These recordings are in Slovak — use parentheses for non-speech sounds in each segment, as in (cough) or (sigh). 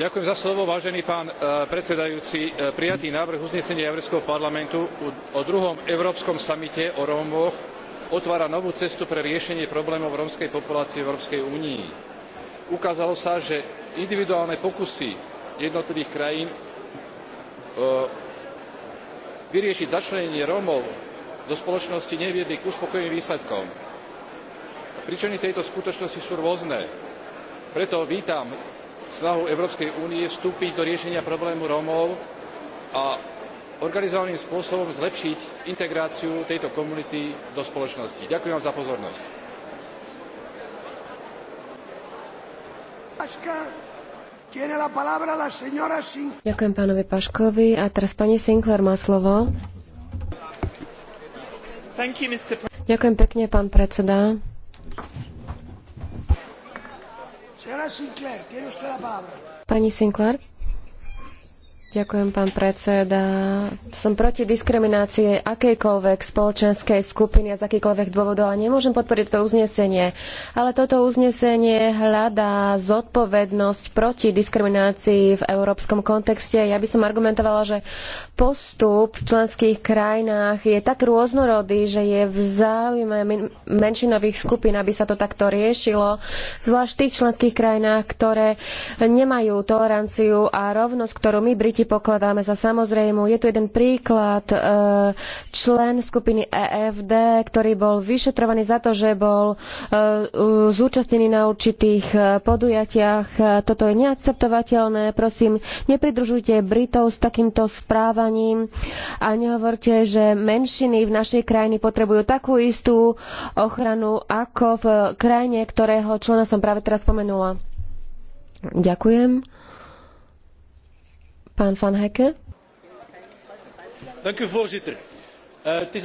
E, e, prijatý návrh uznesenia európskeho parlamentu o druhom európskom samite o rómoch otvára novú cestu pre riešenie problémov rómskej populácie v európskej únii. ukázalo sa že individuálne pokusy jednotlivých krajín e, vyriešiť začlenenie rómov do spoločnosti neviedli k uspokojivým výsledkom. príčiny tejto skutočnosti sú rôzne. preto vítam snahu európskej únie vstúpiť do riešenia problému rómov a organizovaným spôsobom zlepšiť integráciu tejto komunity do spoločnosti. ďakujem vám za pozornosť. Ďakujem pánovi Paškovi. A teraz pani Sinclair má slovo. Ďakujem pekne, pán predseda. Pani Sinclair, Ďakujem, pán predseda. Som proti diskriminácii akejkoľvek spoločenskej skupiny a z akýkoľvek dôvodov a nemôžem podporiť to uznesenie. Ale toto uznesenie hľadá zodpovednosť proti diskriminácii v európskom kontexte. Ja by som argumentovala, že postup v členských krajinách je tak rôznorodý, že je v záujme menšinových skupín, aby sa to takto riešilo, zvlášť v tých členských krajinách, ktoré nemajú toleranciu a rovnosť, ktorú my Briti deti pokladáme za samozrejmú. Je tu jeden príklad. E, člen skupiny EFD, ktorý bol vyšetrovaný za to, že bol e, zúčastnený na určitých e, podujatiach. Toto je neakceptovateľné. Prosím, nepridružujte Britov s takýmto správaním a nehovorte, že menšiny v našej krajine potrebujú takú istú ochranu ako v krajine, ktorého člena som práve teraz spomenula. Ďakujem. Pán Van Hecke. Dank u, voorzitter. Eh,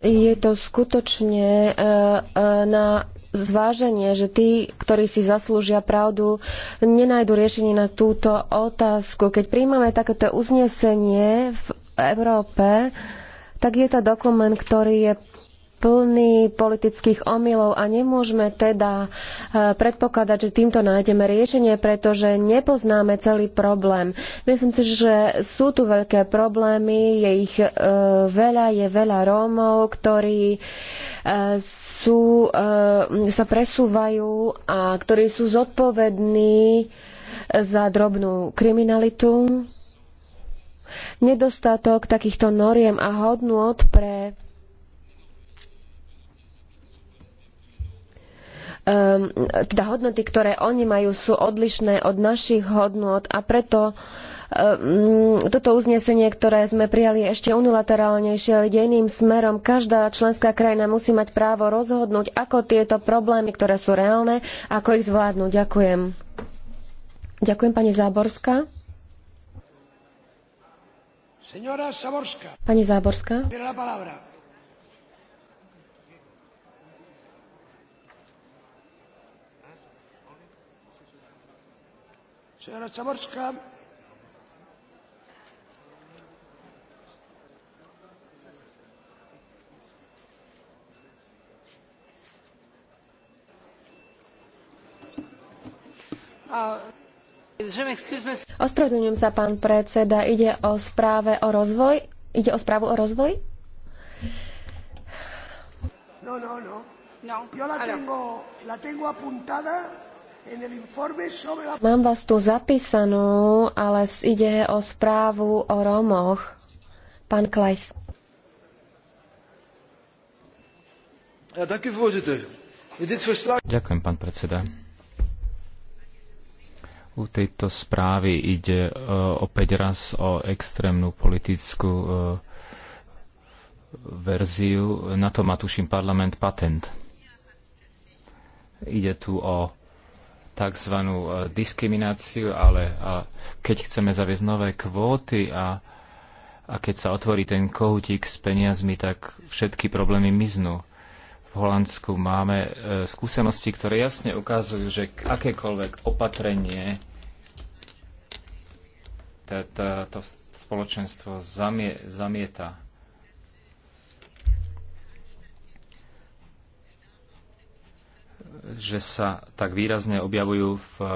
je to skutočne eh, eh, na zváženie, že tí, ktorí si zaslúžia pravdu, nenajdu riešenie na túto otázku. Keď príjmame takéto uznesenie v Európe, tak je to dokument, ktorý je plný politických omylov a nemôžeme teda e, predpokladať, že týmto nájdeme riešenie, pretože nepoznáme celý problém. Myslím si, že sú tu veľké problémy, je ich e, veľa, je veľa Rómov, ktorí e, sú, e, sa presúvajú a ktorí sú zodpovední za drobnú kriminalitu. Nedostatok takýchto noriem a hodnôt pre Ehm, teda hodnoty, ktoré oni majú, sú odlišné od našich hodnôt a preto ehm, toto uznesenie, ktoré sme prijali ešte unilaterálnejšie, ale ide iným smerom. Každá členská krajina musí mať právo rozhodnúť, ako tieto problémy, ktoré sú reálne, ako ich zvládnu. Ďakujem. Ďakujem pani Záborská. Pani Záborská. Señora Zaborska. Ospravedlňujem sa, pán predseda. Ide o správe o rozvoj? Ide o správu o rozvoj? No, no, no. no. Yo la tengo, la tengo apuntada Mám vás tu zapísanú, ale ide o správu o Rómoch. Pán Klajs. Ďakujem, pán predseda. U tejto správy ide e, opäť raz o extrémnu politickú e, verziu. Na to má, tuším, parlament patent. Ide tu o tzv. E, diskrimináciu, ale a keď chceme zaviesť nové kvóty a, a keď sa otvorí ten kohutík s peniazmi, tak všetky problémy miznú. V Holandsku máme e, skúsenosti, ktoré jasne ukazujú, že akékoľvek opatrenie to spoločenstvo zamieta. že sa tak výrazne objavujú v e,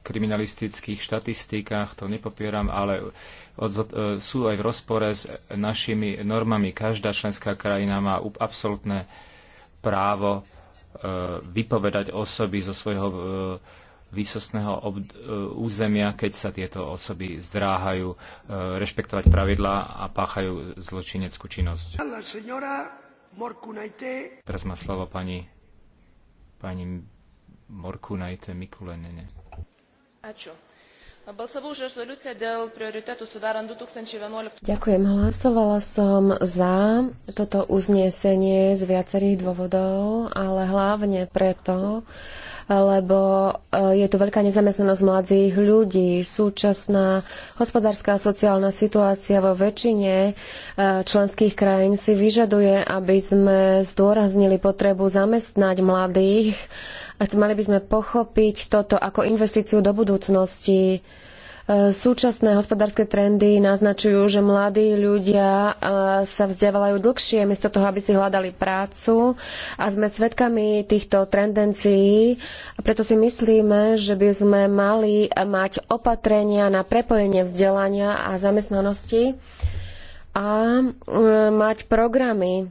kriminalistických štatistikách, to nepopieram, ale od, e, sú aj v rozpore s našimi normami. Každá členská krajina má absolútne právo e, vypovedať osoby zo svojho výsostného územia, keď sa tieto osoby zdráhajú rešpektovať pravidlá a páchajú zločineckú činnosť. Teraz má slovo pani pani Morkunajte Mikulenene. Ačiū. Balsavau už dėl prioritetų sudarant 2011. Ďakujem. Hlasovala som za toto uznesenie z viacerých dôvodov, ale hlavne preto, lebo e, je tu veľká nezamestnanosť mladých ľudí. Súčasná hospodárska a sociálna situácia vo väčšine e, členských krajín si vyžaduje, aby sme zdôraznili potrebu zamestnať mladých a mali by sme pochopiť toto ako investíciu do budúcnosti Súčasné hospodárske trendy naznačujú, že mladí ľudia sa vzdelávajú dlhšie, miesto toho, aby si hľadali prácu a sme svedkami týchto tendencií a preto si myslíme, že by sme mali mať opatrenia na prepojenie vzdelania a zamestnanosti a e, mať programy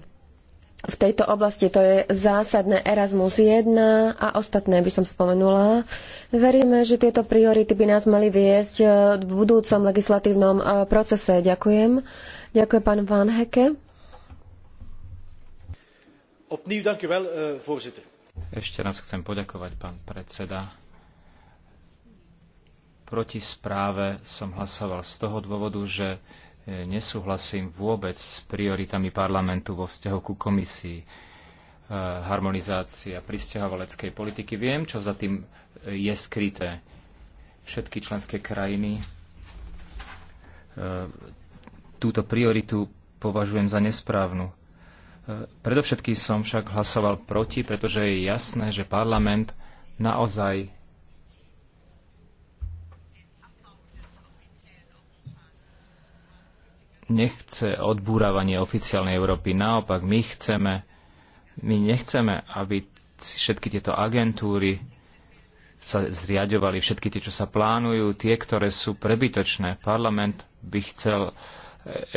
v tejto oblasti, to je zásadné Erasmus 1 a ostatné by som spomenula. Veríme, že tieto priority by nás mali viesť e, v budúcom legislatívnom e, procese. Ďakujem. Ďakujem pán Van Heke. E, Ešte raz chcem poďakovať, pán predseda. Proti správe som hlasoval z toho dôvodu, že nesúhlasím vôbec s prioritami parlamentu vo vzťahu ku komisii e, harmonizácia pristahovaleckej politiky. Viem, čo za tým e, je skryté. Všetky členské krajiny e, túto prioritu považujem za nesprávnu. Predovšetkým som však hlasoval proti, pretože je jasné, že parlament naozaj nechce odbúravanie oficiálnej Európy. Naopak, my chceme, my nechceme, aby všetky tieto agentúry sa zriadovali, všetky tie, čo sa plánujú, tie, ktoré sú prebytočné. Parlament by chcel e,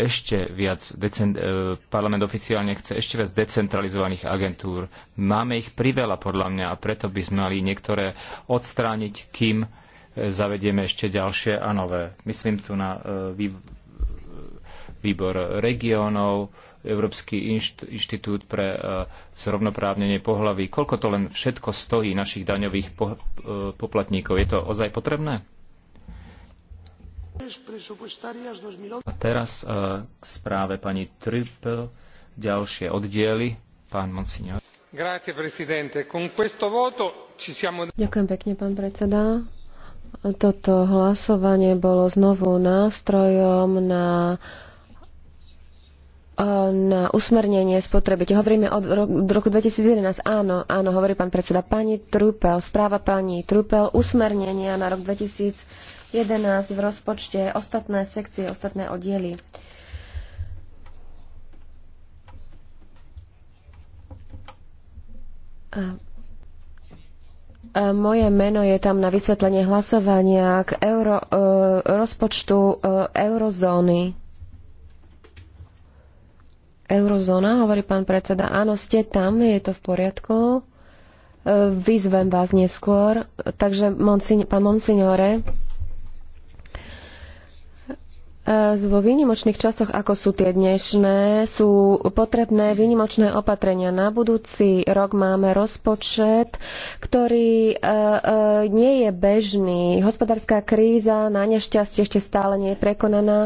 ešte viac, decent, e, parlament oficiálne chce ešte viac decentralizovaných agentúr. Máme ich priveľa podľa mňa a preto by sme mali niektoré odstrániť, kým e, zavedieme ešte ďalšie a nové. Myslím tu na výbor regiónov, Európsky inštitút pre e, zrovnoprávnenie pohlaví. Koľko to len všetko stojí našich daňových po, e, poplatníkov? Je to ozaj potrebné? A teraz e, k správe pani Trippel, ďalšie oddiely, pán monsignor. Grazie, voto, siamo... Ďakujem pekne, pán predseda. Toto hlasovanie bolo znovu nástrojom na E, na usmernenie spotreby. Hovoríme od roku 2011. Áno, áno, hovorí pán predseda. Pani Trupel, správa pani Trupel, usmernenia na rok 2011 v rozpočte, ostatné sekcie, ostatné oddiely. A moje meno je tam na vysvetlenie hlasovania k euro, e, rozpočtu e, eurozóny. Eurozóna, hovorí pán predseda. Áno, ste tam, je to v poriadku. E, vyzvem vás neskôr. Takže, pán Monsignore, vo výnimočných časoch, ako sú tie dnešné, sú potrebné výnimočné opatrenia. Na budúci rok máme rozpočet, ktorý e, e, nie je bežný. Hospodárska kríza na nešťastie ešte stále nie je prekonaná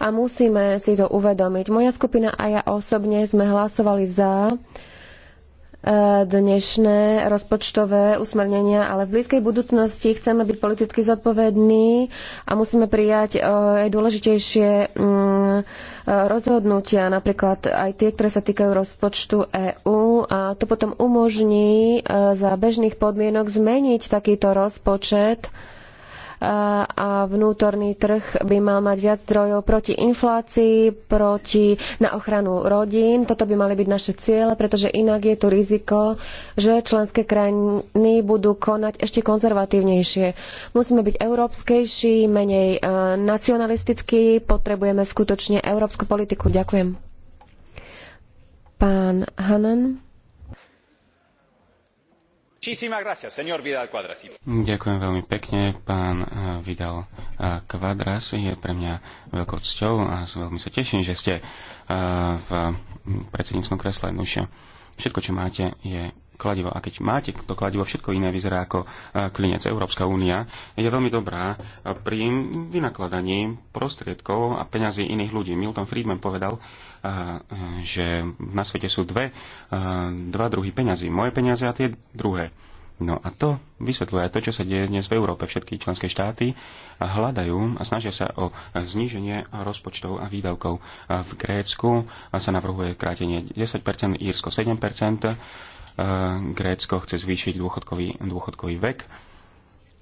a musíme si to uvedomiť. Moja skupina a ja osobne sme hlasovali za dnešné rozpočtové usmernenia, ale v blízkej budúcnosti chceme byť politicky zodpovední a musíme prijať eh, aj dôležitejšie mm, rozhodnutia, napríklad aj tie, ktoré sa týkajú rozpočtu EÚ a to potom umožní eh, za bežných podmienok zmeniť takýto rozpočet a vnútorný trh by mal mať viac zdrojov proti inflácii, proti na ochranu rodín. Toto by mali byť naše ciele, pretože inak je tu riziko, že členské krajiny budú konať ešte konzervatívnejšie. Musíme byť európskejší, menej nacionalistickí, potrebujeme skutočne európsku politiku. Ďakujem. Pán Hanan. Ďakujem veľmi pekne. Pán eh, Vidal Kvadras eh, je pre mňa veľkou cťou a veľmi sa teším, že ste eh, v mm, predsedníckom kresle. Nuž, všetko, čo máte, je kladivo. A keď máte to kladivo, všetko iné vyzerá ako e, klinec. Európska únia je veľmi dobrá e, pri vynakladaní prostriedkov a peňazí iných ľudí. Milton Friedman povedal, e, že na svete sú dve, dva druhy peňazí. Moje peniaze a tie druhé. No a to vysvetľuje to, čo sa deje dnes v Európe. Všetky členské štáty hľadajú a snažia sa o zníženie rozpočtov a výdavkov. V Grécku sa navrhuje krátenie 10%, Írsko 7%, e, Grécko chce zvýšiť dôchodkový, dôchodkový vek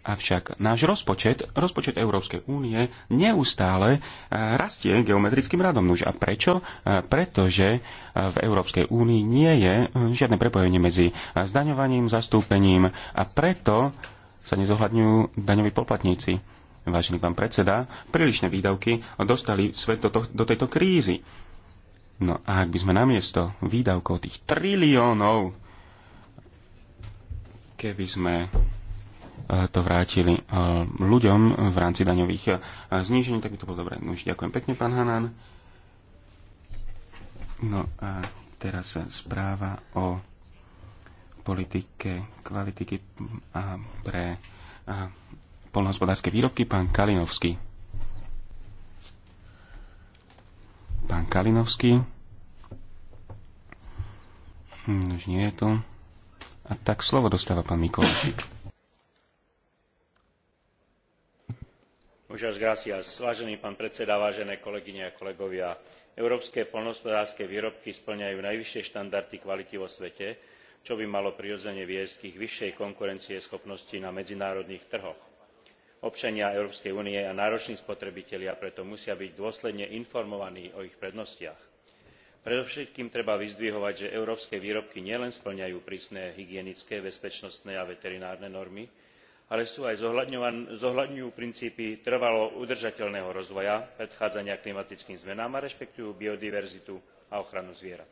Avšak náš rozpočet, rozpočet Európskej únie neustále eh, rastie geometrickým radom. Nuž a prečo? Eh, pretože eh, v Európskej únii nie je žiadne prepojenie medzi zdaňovaním, zastúpením a preto sa nezohľadňujú daňoví poplatníci. Vážený pán predseda, prílišné výdavky dostali svet do, to, do tejto krízy. No a ak by sme namiesto výdavkov tých triliónov, keby sme Eh, to vrátili eh, ľuďom v rámci daňových eh, znížení, tak by to bolo dobré. No už ďakujem pekne, pán Hanan. No a teraz správa o politike, kvalitiky a pre a polnohospodárske výrobky, pán Kalinovský. Pán Kalinovský. Už nie je to. A tak slovo dostáva pán Mikolášik. pán predseda vážené a kolegovia európske poľnohospodárske výrobky spĺňajú najvyššie štandardy kvality vo svete čo by malo prirodzene viesť k ich vyššej konkurencieschopnosti na medzinárodných trhoch. občania európskej únie a nároční spotrebitelia preto musia byť dôsledne informovaní o ich prednostiach. predovšetkým treba vyzdvihovať že európske výrobky nielen spĺňajú prísne hygienické bezpečnostné a veterinárne normy ale sú aj zohľadňujú princípy trvalo udržateľného rozvoja predchádzania klimatickým zmenám a rešpektujú biodiverzitu a ochranu zvierat.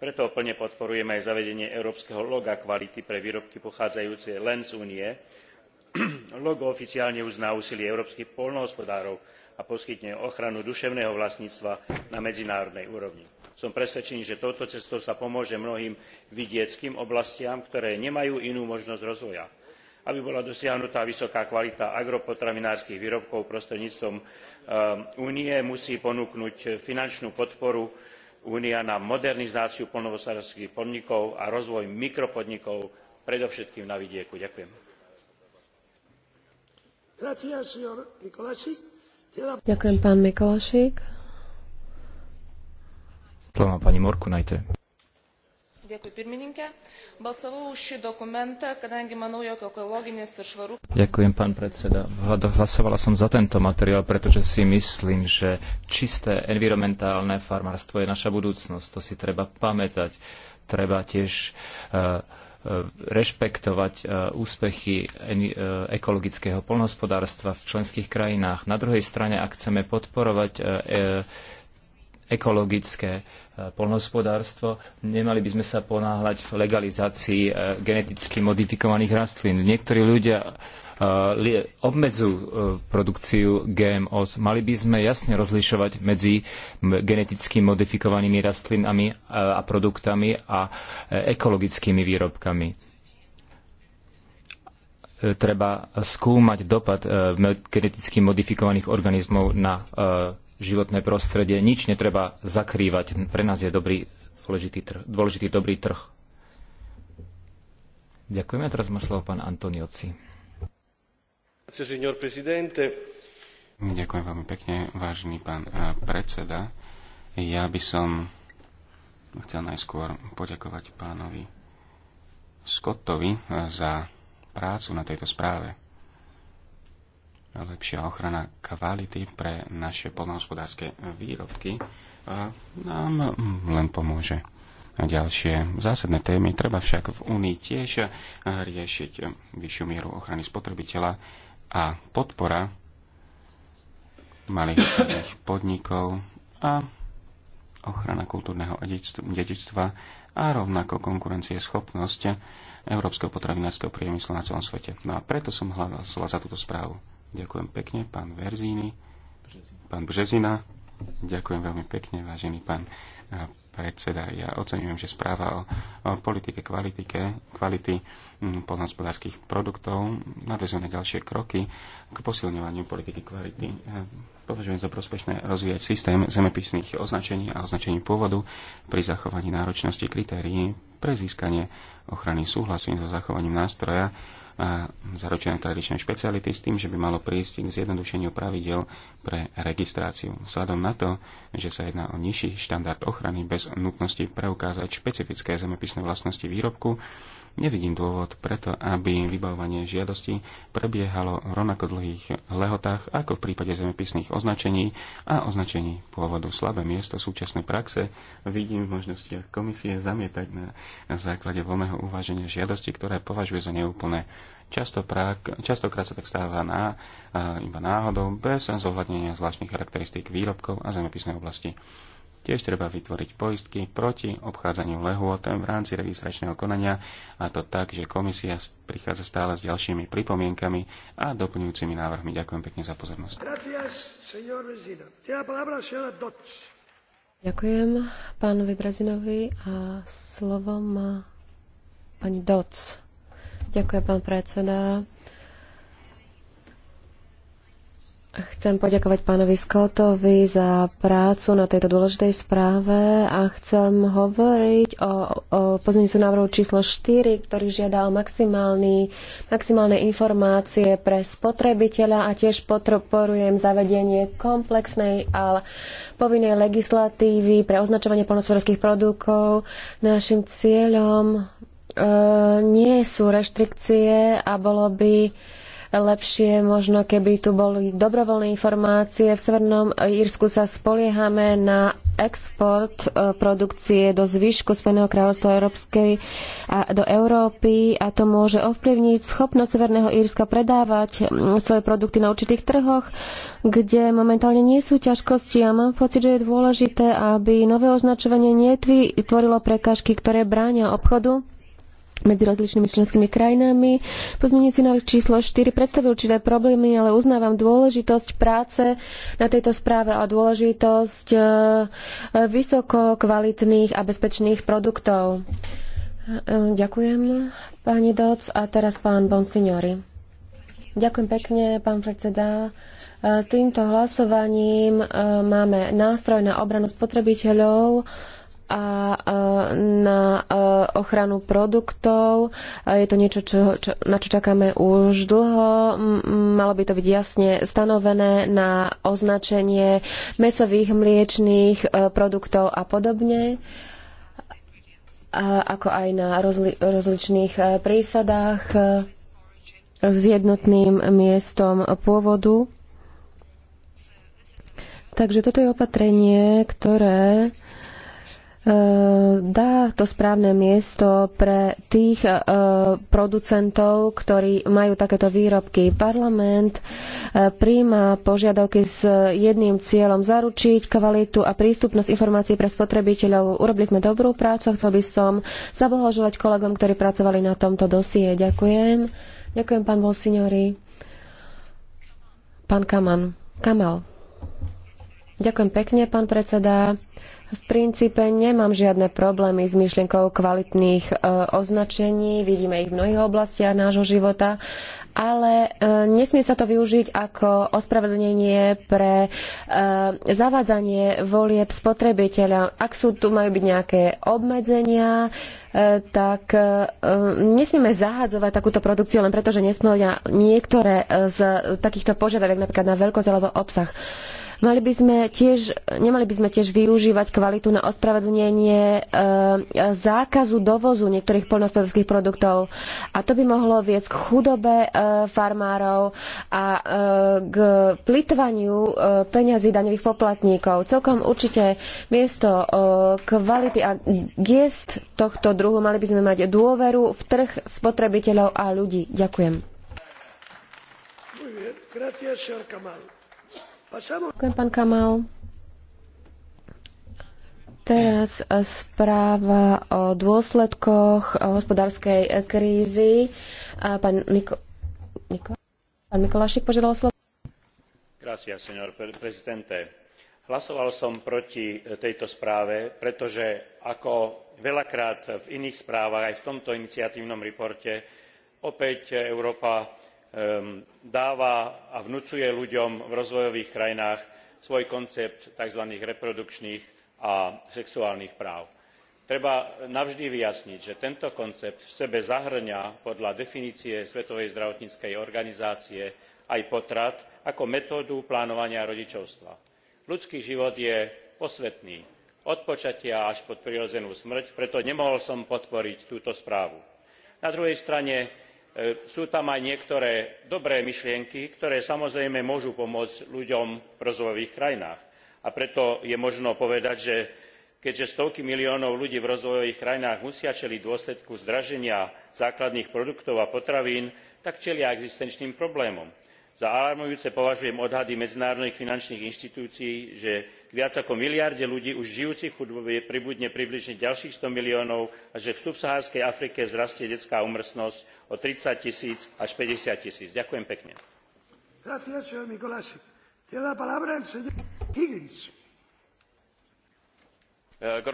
preto plne podporujem aj zavedenie európskeho loga kvality pre výrobky pochádzajúce len z únie. (clears throat) logo oficiálne uzná úsilie európskych poľnohospodárov a poskytne ochranu duševného vlastníctva na medzinárodnej úrovni. som presvedčený že touto cestou sa pomôže mnohým vidieckym oblastiam ktoré nemajú inú možnosť rozvoja aby bola dosiahnutá vysoká kvalita agropotravinárskych výrobkov prostredníctvom ehm, únie musí ponúknuť finančnú podporu únia na modernizáciu poľnohospodárskych podnikov a rozvoj mikropodnikov predovšetkým na vidieku. ďakujem. Ďakujem, pán predseda. Hlasovala som za tento materiál, pretože si myslím, že čisté environmentálne farmárstvo je naša budúcnosť. To si treba pamätať. Treba tiež eh, eh, rešpektovať eh, úspechy ekologického poľnohospodárstva v členských krajinách. Na druhej strane, ak chceme podporovať ekologické e, polnohospodárstvo. Nemali by sme sa ponáhľať v legalizácii e, geneticky modifikovaných rastlín. Niektorí ľudia e, obmedzujú produkciu GMOs. Mali by sme jasne rozlišovať medzi geneticky modifikovanými rastlinami a produktami a ekologickými výrobkami. Treba skúmať dopad geneticky modifikovaných organizmov na životné prostredie. Nič netreba zakrývať. Pre nás je dobrý, dôležitý, trh, dôležitý dobrý trh. Ďakujeme. Teraz má slovo pán Antonioci. Ďakujem veľmi pekne, vážený pán eh, predseda. Ja by som chcel najskôr poďakovať pánovi Scottovi eh, za prácu na tejto správe lepšia ochrana kvality pre naše polnohospodárske výrobky nám len pomôže. A ďalšie zásadné témy treba však v Únii tiež riešiť vyššiu mieru ochrany spotrebiteľa a podpora malých podnikov a ochrana kultúrneho dedičstva a rovnako konkurencieschopnosť európskeho potravinárskeho priemyslu na celom svete. No a preto som hľadal slova za túto správu. Ďakujem pekne, pán Verzíny, pán Březina. Ďakujem veľmi pekne, vážený pán eh, predseda. Ja oceňujem, že správa o, o politike kvalitike, kvality mm, polnohospodárských produktov nadvezuje na ďalšie kroky k posilňovaniu politiky kvality. Eh, považujem za prospešné rozvíjať systém zemepisných označení a označení pôvodu pri zachovaní náročnosti kritérií pre získanie ochrany súhlasím so zachovaním nástroja zaručené tradičné špeciality s tým, že by malo prísť k zjednodušeniu pravidel pre registráciu. Vzhľadom na to, že sa jedná o nižší štandard ochrany bez nutnosti preukázať špecifické zemepisné vlastnosti výrobku, Nevidím dôvod preto, aby vybavovanie žiadosti prebiehalo rovnako dlhých lehotách ako v prípade zemepisných označení a označení pôvodu. Slabé miesto súčasnej praxe vidím v možnostiach komisie zamietať na, na základe voľného uváženia žiadosti, ktoré považuje za neúplné. Často prak, častokrát sa tak stáva na, iba náhodou bez zohľadnenia zvláštnych charakteristík výrobkov a zemepisnej oblasti. Tiež treba vytvoriť poistky proti obchádzaniu lehôd v rámci registračného konania a to tak, že komisia prichádza stále s ďalšími pripomienkami a doplňujúcimi návrhmi. Ďakujem pekne za pozornosť. Ďakujem pánovi Brazinovi a slovo má pani Doc. Ďakujem, pán predseda. Chcem poďakovať pánovi Scottovi za prácu na tejto dôležitej správe a chcem hovoriť o, o pozmeňujúcu návrhu číslo 4, ktorý žiada o maximálne informácie pre spotrebiteľa a tiež podporujem zavedenie komplexnej a povinnej legislatívy pre označovanie polnospodárských produktov. Našim cieľom e, nie sú reštrikcie a bolo by lepšie možno, keby tu boli dobrovoľné informácie. V Severnom Írsku sa spoliehame na export e, produkcie do zvyšku Spojeného kráľovstva Európskej a do Európy a to môže ovplyvniť schopnosť Severného Írska predávať svoje produkty na určitých trhoch, kde momentálne nie sú ťažkosti a mám pocit, že je dôležité, aby nové označovanie netvorilo prekážky, ktoré bránia obchodu medzi rozličnými členskými krajinami. Pozmeňujúci návrh číslo 4 predstavil určité problémy, ale uznávam dôležitosť práce na tejto správe a dôležitosť e, e, vysoko kvalitných a bezpečných produktov. E, ďakujem, pani Doc. A teraz pán Bonsignori. Ďakujem pekne, pán predseda. S týmto hlasovaním máme nástroj na obranu spotrebiteľov a na ochranu produktov. Je to niečo, čo, čo, na čo čakáme už dlho. Malo by to byť jasne stanovené na označenie mesových, mliečných e, produktov a podobne ako aj na rozli- rozličných e, prísadách e, s jednotným miestom pôvodu. Takže toto je opatrenie, ktoré E, dá to správne miesto pre tých e, producentov, ktorí majú takéto výrobky. Parlament e, príjma požiadavky s jedným cieľom zaručiť kvalitu a prístupnosť informácií pre spotrebiteľov. Urobili sme dobrú prácu, chcel by som zablahoželať kolegom, ktorí pracovali na tomto dosie. Ďakujem. Ďakujem, pán Bolsignori. Pán Kaman. Kamal. Ďakujem pekne, pán predseda. V princípe nemám žiadne problémy s myšlienkou kvalitných e, označení, vidíme ich v mnohých oblastiach nášho života, ale e, nesmie sa to využiť ako ospravedlnenie pre e, zavádzanie volieb spotrebiteľa. Ak sú tu majú byť nejaké obmedzenia, e, tak e, nesmieme zahádzovať takúto produkciu len preto, že niektoré e, z takýchto požiadaviek, napríklad na veľkosť alebo obsah. Mali by sme tiež, nemali by sme tiež využívať kvalitu na ospravedlnenie e, zákazu dovozu niektorých poľnohospodárských produktov. A to by mohlo viesť k chudobe e, farmárov a e, k plitvaniu e, peňazí daňových poplatníkov. Celkom určite miesto e, kvality a gest tohto druhu mali by sme mať dôveru v trh spotrebiteľov a ľudí. Ďakujem. Gracias, señor Ďakujem, pán Kamal. Teraz eh, správa o dôsledkoch eh, hospodárskej eh, krízy. Pán, Niko, Niko, pán Mikolášik požiadal slovo. Gracias, señor presidente. Hlasoval som proti tejto správe, pretože ako veľakrát v iných správach aj v tomto iniciatívnom reporte opäť Európa Ehm, dáva a vnucuje ľuďom v rozvojových krajinách svoj koncept tzv. reprodukčných a sexuálnych práv. treba navždy vyjasniť že tento koncept v sebe zahŕňa podľa definície svetovej zdravotníckej organizácie aj potrat ako metódu plánovania rodičovstva. ľudský život je posvätný od počatia až po prirodzenú smrť preto nemohol som podporiť túto správu. na druhej strane E, sú tam aj niektoré dobré myšlienky ktoré samozrejme môžu pomôcť ľuďom v rozvojových krajinách a preto je možno povedať že keďže stovky miliónov ľudí v rozvojových krajinách musia čeliť dôsledku zdraženia základných produktov a potravín tak čelia existenčným problémom. za alarmujúce považujem odhady medzinárodných finančných inštitúcií že k viac ako miliarde ľudí už žijúcich v chudobe pribudne približne ďalších sto miliónov a že v subsaharskej afrike vzrastie detská úmrtnosť o tridsať tisíc až päťdesiat tisíc. ďakujem pekne.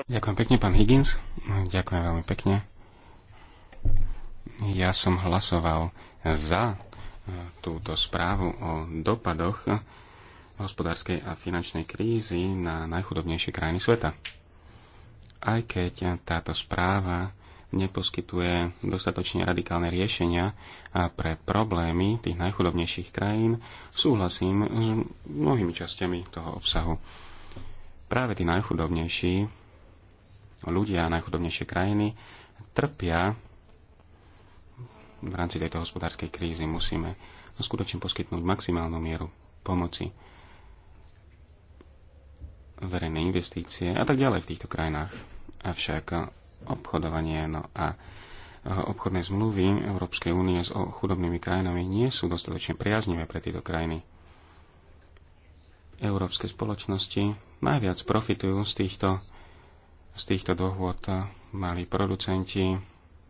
Ďakujem pekne, pán Higgins. Ďakujem veľmi pekne. Ja som hlasoval za e, túto správu o dopadoch e, hospodárskej a finančnej krízy na najchudobnejšie krajiny sveta. Aj keď táto správa neposkytuje dostatočne radikálne riešenia pre problémy tých najchudobnejších krajín, súhlasím s mnohými časťami toho obsahu. Práve tí najchudobnejší ľudia a najchudobnejšie krajiny trpia v rámci tejto hospodárskej krízy. Musíme skutočne poskytnúť maximálnu mieru pomoci verejné investície a tak ďalej v týchto krajinách. Avšak obchodovanie. No a e, obchodné zmluvy Európskej únie s chudobnými krajinami nie sú dostatočne priaznivé pre tieto krajiny. Európske spoločnosti najviac profitujú z týchto, z týchto dohôd malí producenti,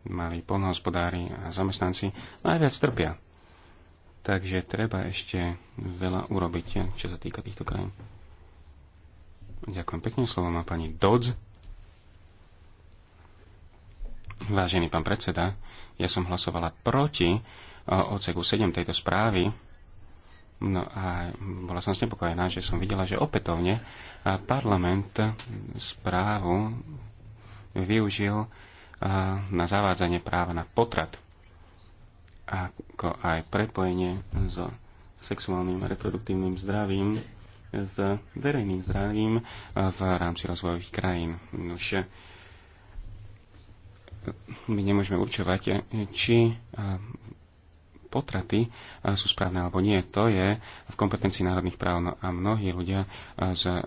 malí polnohospodári a zamestnanci najviac trpia. Takže treba ešte veľa urobiť, čo sa týka týchto krajín. Ďakujem pekne, slovo má pani Dodds. Vážený pán predseda, ja som hlasovala proti e, odseku 7 tejto správy. No a bola som znepokojená, že som videla, že opätovne e, parlament správu využil e, na zavádzanie práva na potrat ako aj prepojenie so sexuálnym a reproduktívnym zdravím s verejným zdravím v rámci rozvojových krajín. Nože, my nemôžeme určovať, eh, či eh, potraty eh, sú správne alebo nie. To je v kompetencii národných práv. No a mnohí ľudia z,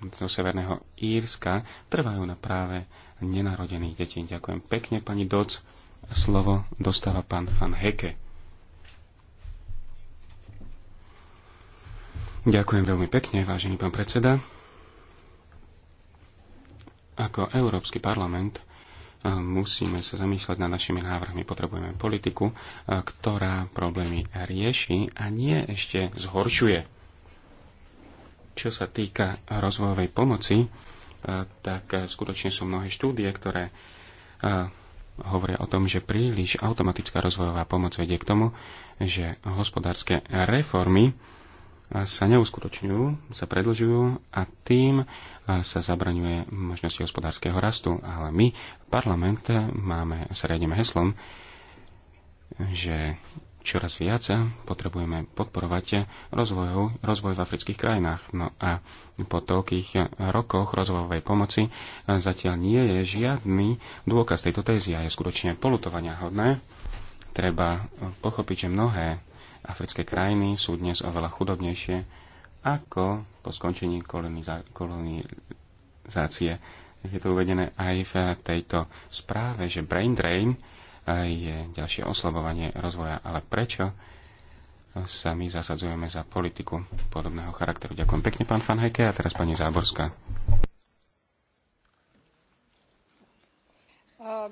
do mm, Severného Írska trvajú na práve nenarodených detí. Ďakujem pekne, pani Doc. Slovo dostáva pán Van Heke. Ďakujem veľmi pekne, vážený pán predseda. Ako Európsky parlament musíme sa zamýšľať nad našimi návrhmi. Potrebujeme politiku, ktorá problémy rieši a nie ešte zhoršuje. Čo sa týka rozvojovej pomoci, tak skutočne sú mnohé štúdie, ktoré hovoria o tom, že príliš automatická rozvojová pomoc vedie k tomu, že hospodárske reformy sa neuskutočňujú, sa predlžujú a tým sa zabraňuje možnosti hospodárskeho rastu. Ale my, parlament, máme, sa riadíme heslom, že čoraz viac potrebujeme podporovať rozvoj, rozvoj v afrických krajinách. No a po toľkých rokoch rozvojovej pomoci zatiaľ nie je žiadny dôkaz tejto tézy a je skutočne polutovania hodné. Treba pochopiť, že mnohé africké krajiny sú dnes oveľa chudobnejšie ako po skončení koloniza- kolonizácie. Je to uvedené aj v tejto správe, že brain drain eh, je ďalšie oslabovanie rozvoja. Ale prečo sa my zasadzujeme za politiku podobného charakteru? Ďakujem pekne, pán Fanhajke, a teraz pani Záborská. Uh,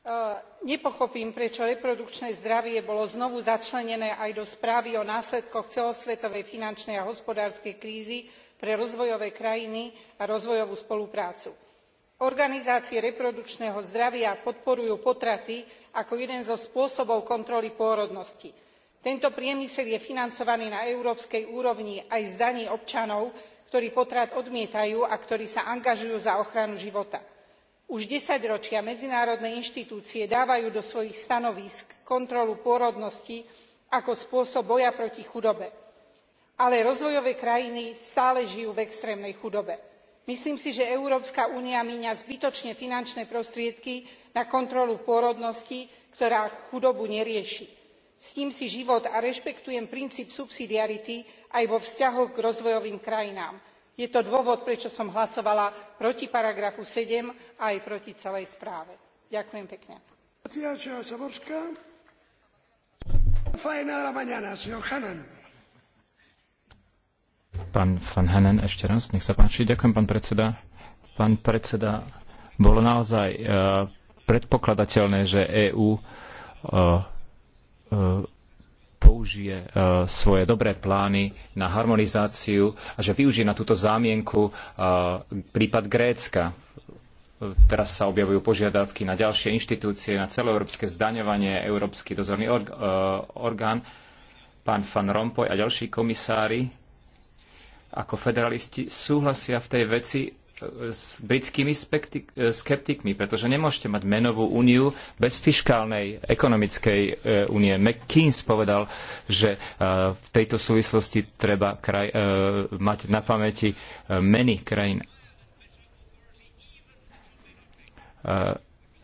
Ehm, nepochopím prečo reprodukčné zdravie bolo znovu začlenené aj do správy o následkoch celosvetovej finančnej a hospodárskej krízy pre rozvojové krajiny a rozvojovú spoluprácu. organizácie reprodukčného zdravia podporujú potraty ako jeden zo spôsobov kontroly pôrodnosti. tento priemysel je financovaný na európskej úrovni aj z daní občanov ktorí potrat odmietajú a ktorí sa angažujú za ochranu života už desaťročia medzinárodné inštitúcie dávajú do svojich stanovísk kontrolu pôrodnosti ako spôsob boja proti chudobe ale rozvojové krajiny stále žijú v extrémnej chudobe. myslím si že európska únia míňa zbytočne finančné prostriedky na kontrolu pôrodnosti ktorá chudobu nerieši. ctím si život a rešpektujem princíp subsidiarity aj vo vzťahoch k rozvojovým krajinám je to dôvod prečo som hlasovala proti paragrafu seven a aj proti celej správe. ďakujem pekne. Pán predseda. bolo naozaj eh, predpokladateľné, že EÚ použije e, svoje dobré plány na harmonizáciu a že využije na túto zámienku e, prípad Grécka. Teraz sa objavujú požiadavky na ďalšie inštitúcie, na celoeurópske zdaňovanie, Európsky dozorný e, orgán, pán Van Rompuy a ďalší komisári ako federalisti súhlasia v tej veci s britskými e, skeptikmi, pretože nemôžete mať menovú úniu bez fiškálnej ekonomickej e, únie. McKeynes povedal, že e, v tejto súvislosti treba kraj, mať na pamäti meny krajín.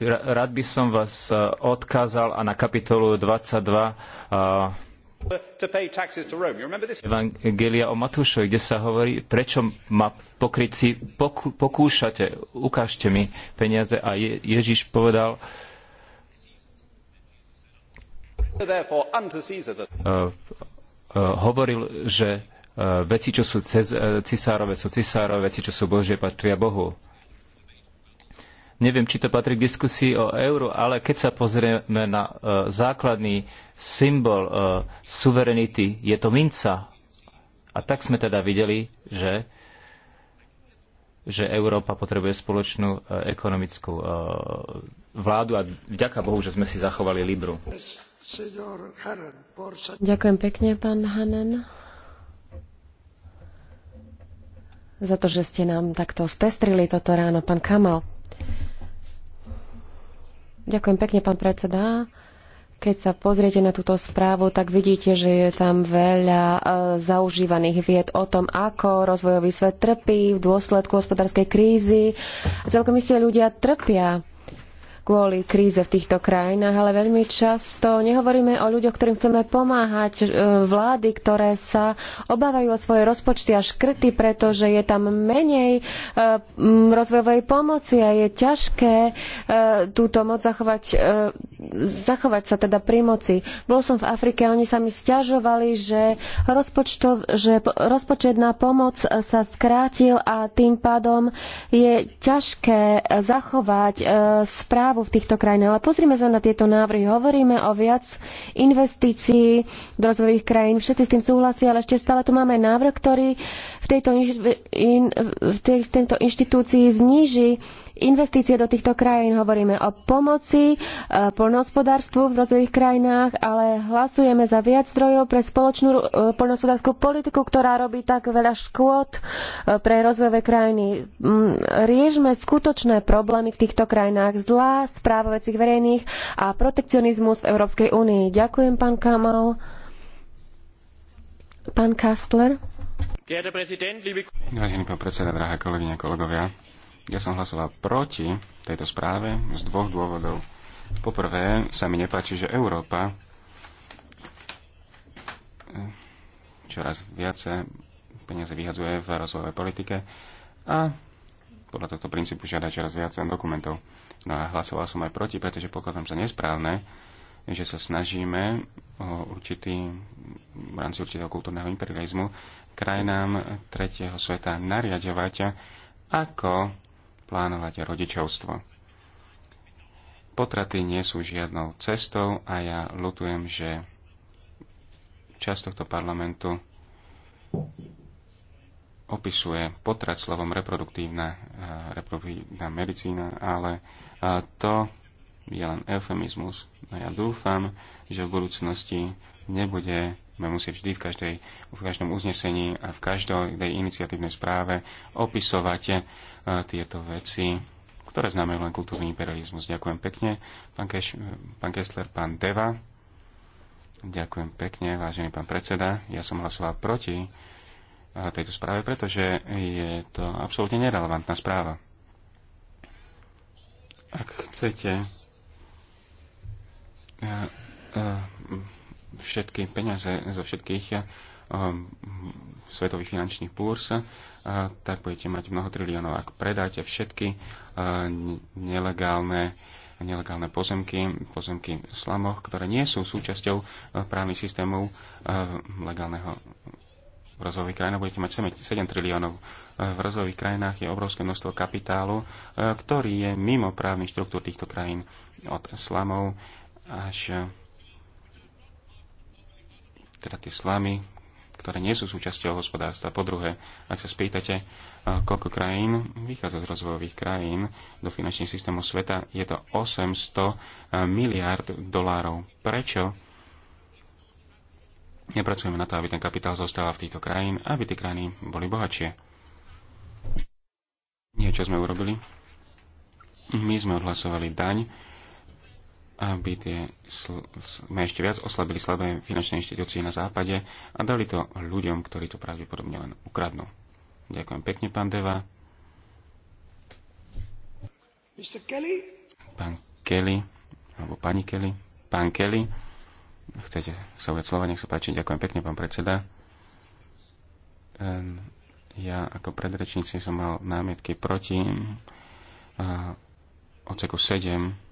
Rád by som vás odkázal a na kapitolu 22 Evangelia o Matúšovi, kde sa hovorí, prečo ma pokryci pokúšate, ukážte mi peniaze. A Je- Ježiš povedal, uh, hovoril, že e, veci, čo sú cez, cisárove, sú cisárove, veci, čo sú Božie, patria Bohu. Neviem, či to patrí k diskusii o euru, ale keď sa pozrieme na e, základný symbol e, suverenity, je to minca. A tak sme teda videli, že, že Európa potrebuje spoločnú e, ekonomickú vládu a vďaka Bohu, že sme si zachovali Libru. Ďakujem pekne, pán Hanan, za to, že ste nám takto spestrili toto ráno, pán Kamal. Ďakujem pekne, pán predseda. Keď sa pozriete na túto správu, tak vidíte, že je tam veľa e, zaužívaných vied o tom, ako rozvojový svet trpí v dôsledku hospodárskej krízy. A celkom isté ľudia trpia kvôli kríze v týchto krajinách, ale veľmi často nehovoríme o ľuďoch, ktorým chceme pomáhať, e, vlády, ktoré sa obávajú o svoje rozpočty a škrty, pretože je tam menej e, rozvojovej pomoci a je ťažké e, túto moc zachovať, zachovať sa teda pri moci. Bol som v Afrike a oni sa mi stiažovali, že, že rozpočet na pomoc sa skrátil a tým pádom je ťažké zachovať správu právu v týchto krajinách. Ale pozrime sa na tieto návrhy. Hovoríme o viac investícií do rozvojových krajín. Všetci s tým súhlasia, ale ešte stále tu máme návrh, ktorý v tejto, in, v tej, v tejto inštitúcii zníži investície do týchto krajín. Hovoríme o pomoci e, poľnohospodárstvu v rozvojových krajinách, ale hlasujeme za viac zdrojov pre spoločnú e, poľnohospodárskú politiku, ktorá robí tak veľa škôd e, pre rozvojové krajiny. Mm, Riešme skutočné problémy v týchto krajinách. Zlá správa vecí verejných a protekcionizmus v Európskej únii. Ďakujem, pán Kamal. Pán Kastler. Vážený pán predseda, drahé kolegyne a kolegovia, ja som hlasoval proti tejto správe z dvoch dôvodov. Poprvé sa mi nepáči, že Európa eh, čoraz viacej peniaze vyhadzuje v rozvojovej politike a podľa tohto princípu žiada čoraz viac dokumentov. No a hlasoval som aj proti, pretože pokladám za nesprávne, že sa snažíme o určitý, v rámci určitého kultúrneho imperializmu krajinám tretieho sveta nariadovať, ako plánovať rodičovstvo. Potraty nie sú žiadnou cestou a ja lutujem, že časť tohto parlamentu opisuje potrat slovom reproduktívna, eh, reproduktívna medicína, ale eh, to je len eufemizmus. No ja dúfam, že v budúcnosti nebude musieť vždy v, každej, v každom uznesení a v každej iniciatívnej správe opisovať eh, tieto veci, ktoré znamenajú len kultúrny imperializmus. Ďakujem pekne, pán, Keš, pán Kessler, pán Deva. Ďakujem pekne, vážený pán predseda. Ja som hlasoval proti tejto správe, pretože je to absolútne nerelevantná správa. Ak chcete e, e, všetky peniaze zo všetkých e, svetových finančných púrs, tak budete mať mnoho triliónov. Ak predáte všetky nelegálne nelegálne pozemky, pozemky v slamoch, ktoré nie sú súčasťou právnych systémov legálneho v rozvojových krajinách budete mať 7 triliónov. V rozvojových krajinách je obrovské množstvo kapitálu, e, ktorý je mimo právnych štruktúr týchto krajín od slamov až e, teda tie slamy, ktoré nie sú súčasťou hospodárstva. Po druhé, ak sa spýtate, e, koľko krajín vychádza z rozvojových krajín do finančných systémov sveta, je to 800 miliard dolárov. Prečo Nepracujeme na to, aby ten kapitál zostával v týchto krajín, aby tie krajiny boli bohatšie. Niečo čo sme urobili? My sme odhlasovali daň, aby tie sme ešte viac oslabili slabé finančné inštitúcie na západe a dali to ľuďom, ktorí to pravdepodobne len ukradnú. Ďakujem pekne, pán Deva. Mr. Kelly? Pán Kelly, alebo pani Kelly. Pán Kelly chcete sa uvať slova, nech sa páči. Ďakujem pekne, pán predseda. Ehm, ja ako predrečníci som mal námietky proti odseku 7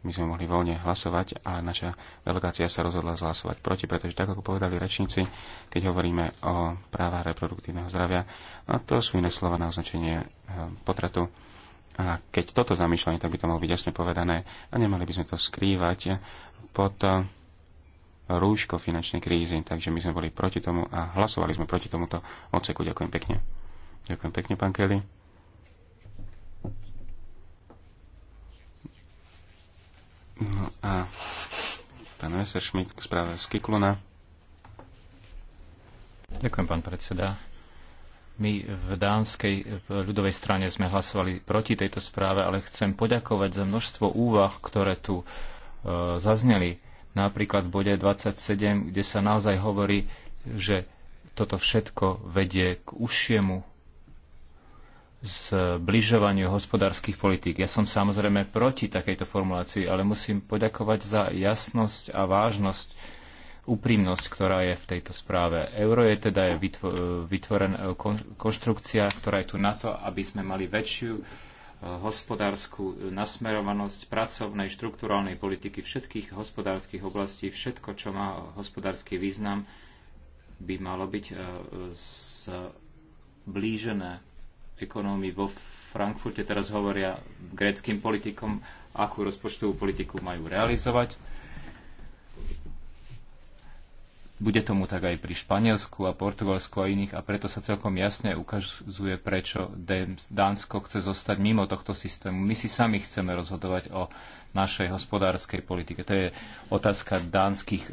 my sme mohli voľne hlasovať, ale naša delegácia sa rozhodla zhlasovať proti, pretože tak ako povedali rečníci, keď hovoríme o právach reproduktívneho zdravia, a to sú iné slova na označenie e, potratu. A keď toto zamýšľanie, tak by to malo byť jasne povedané a nemali by sme to skrývať pod rúško finančnej krízy. Takže my sme boli proti tomu a hlasovali sme proti tomuto odseku. Ďakujem pekne. Ďakujem pekne, pán Kelly. No a pán Messerschmidt k správe z Kikluna. Ďakujem, pán predseda. My v dánskej ľudovej strane sme hlasovali proti tejto správe, ale chcem poďakovať za množstvo úvah, ktoré tu e, zazneli napríklad v bode 27, kde sa naozaj hovorí, že toto všetko vedie k užšiemu zbližovaniu hospodárskych politík. Ja som samozrejme proti takejto formulácii, ale musím poďakovať za jasnosť a vážnosť, úprimnosť, ktorá je v tejto správe. Euro je teda vytvorená konštrukcia, ktorá je tu na to, aby sme mali väčšiu hospodárskú nasmerovanosť pracovnej štruktúralnej politiky všetkých hospodárskych oblastí, všetko, čo má hospodársky význam, by malo byť e, zblížené ekonómii vo Frankfurte. Teraz hovoria greckým politikom, akú rozpočtovú politiku majú realizovať bude tomu tak aj pri Španielsku a Portugalsku a iných a preto sa celkom jasne ukazuje, prečo Dánsko chce zostať mimo tohto systému. My si sami chceme rozhodovať o našej hospodárskej politike. To je otázka dánskych e,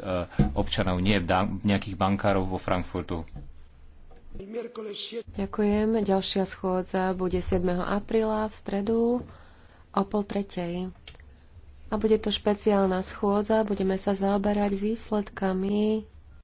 občanov, nie nejakých bankárov vo Frankfurtu. Ďakujem. Ďalšia schôdza bude 7. apríla v stredu o pol tretej. A bude to špeciálna schôdza, budeme sa zaoberať výsledkami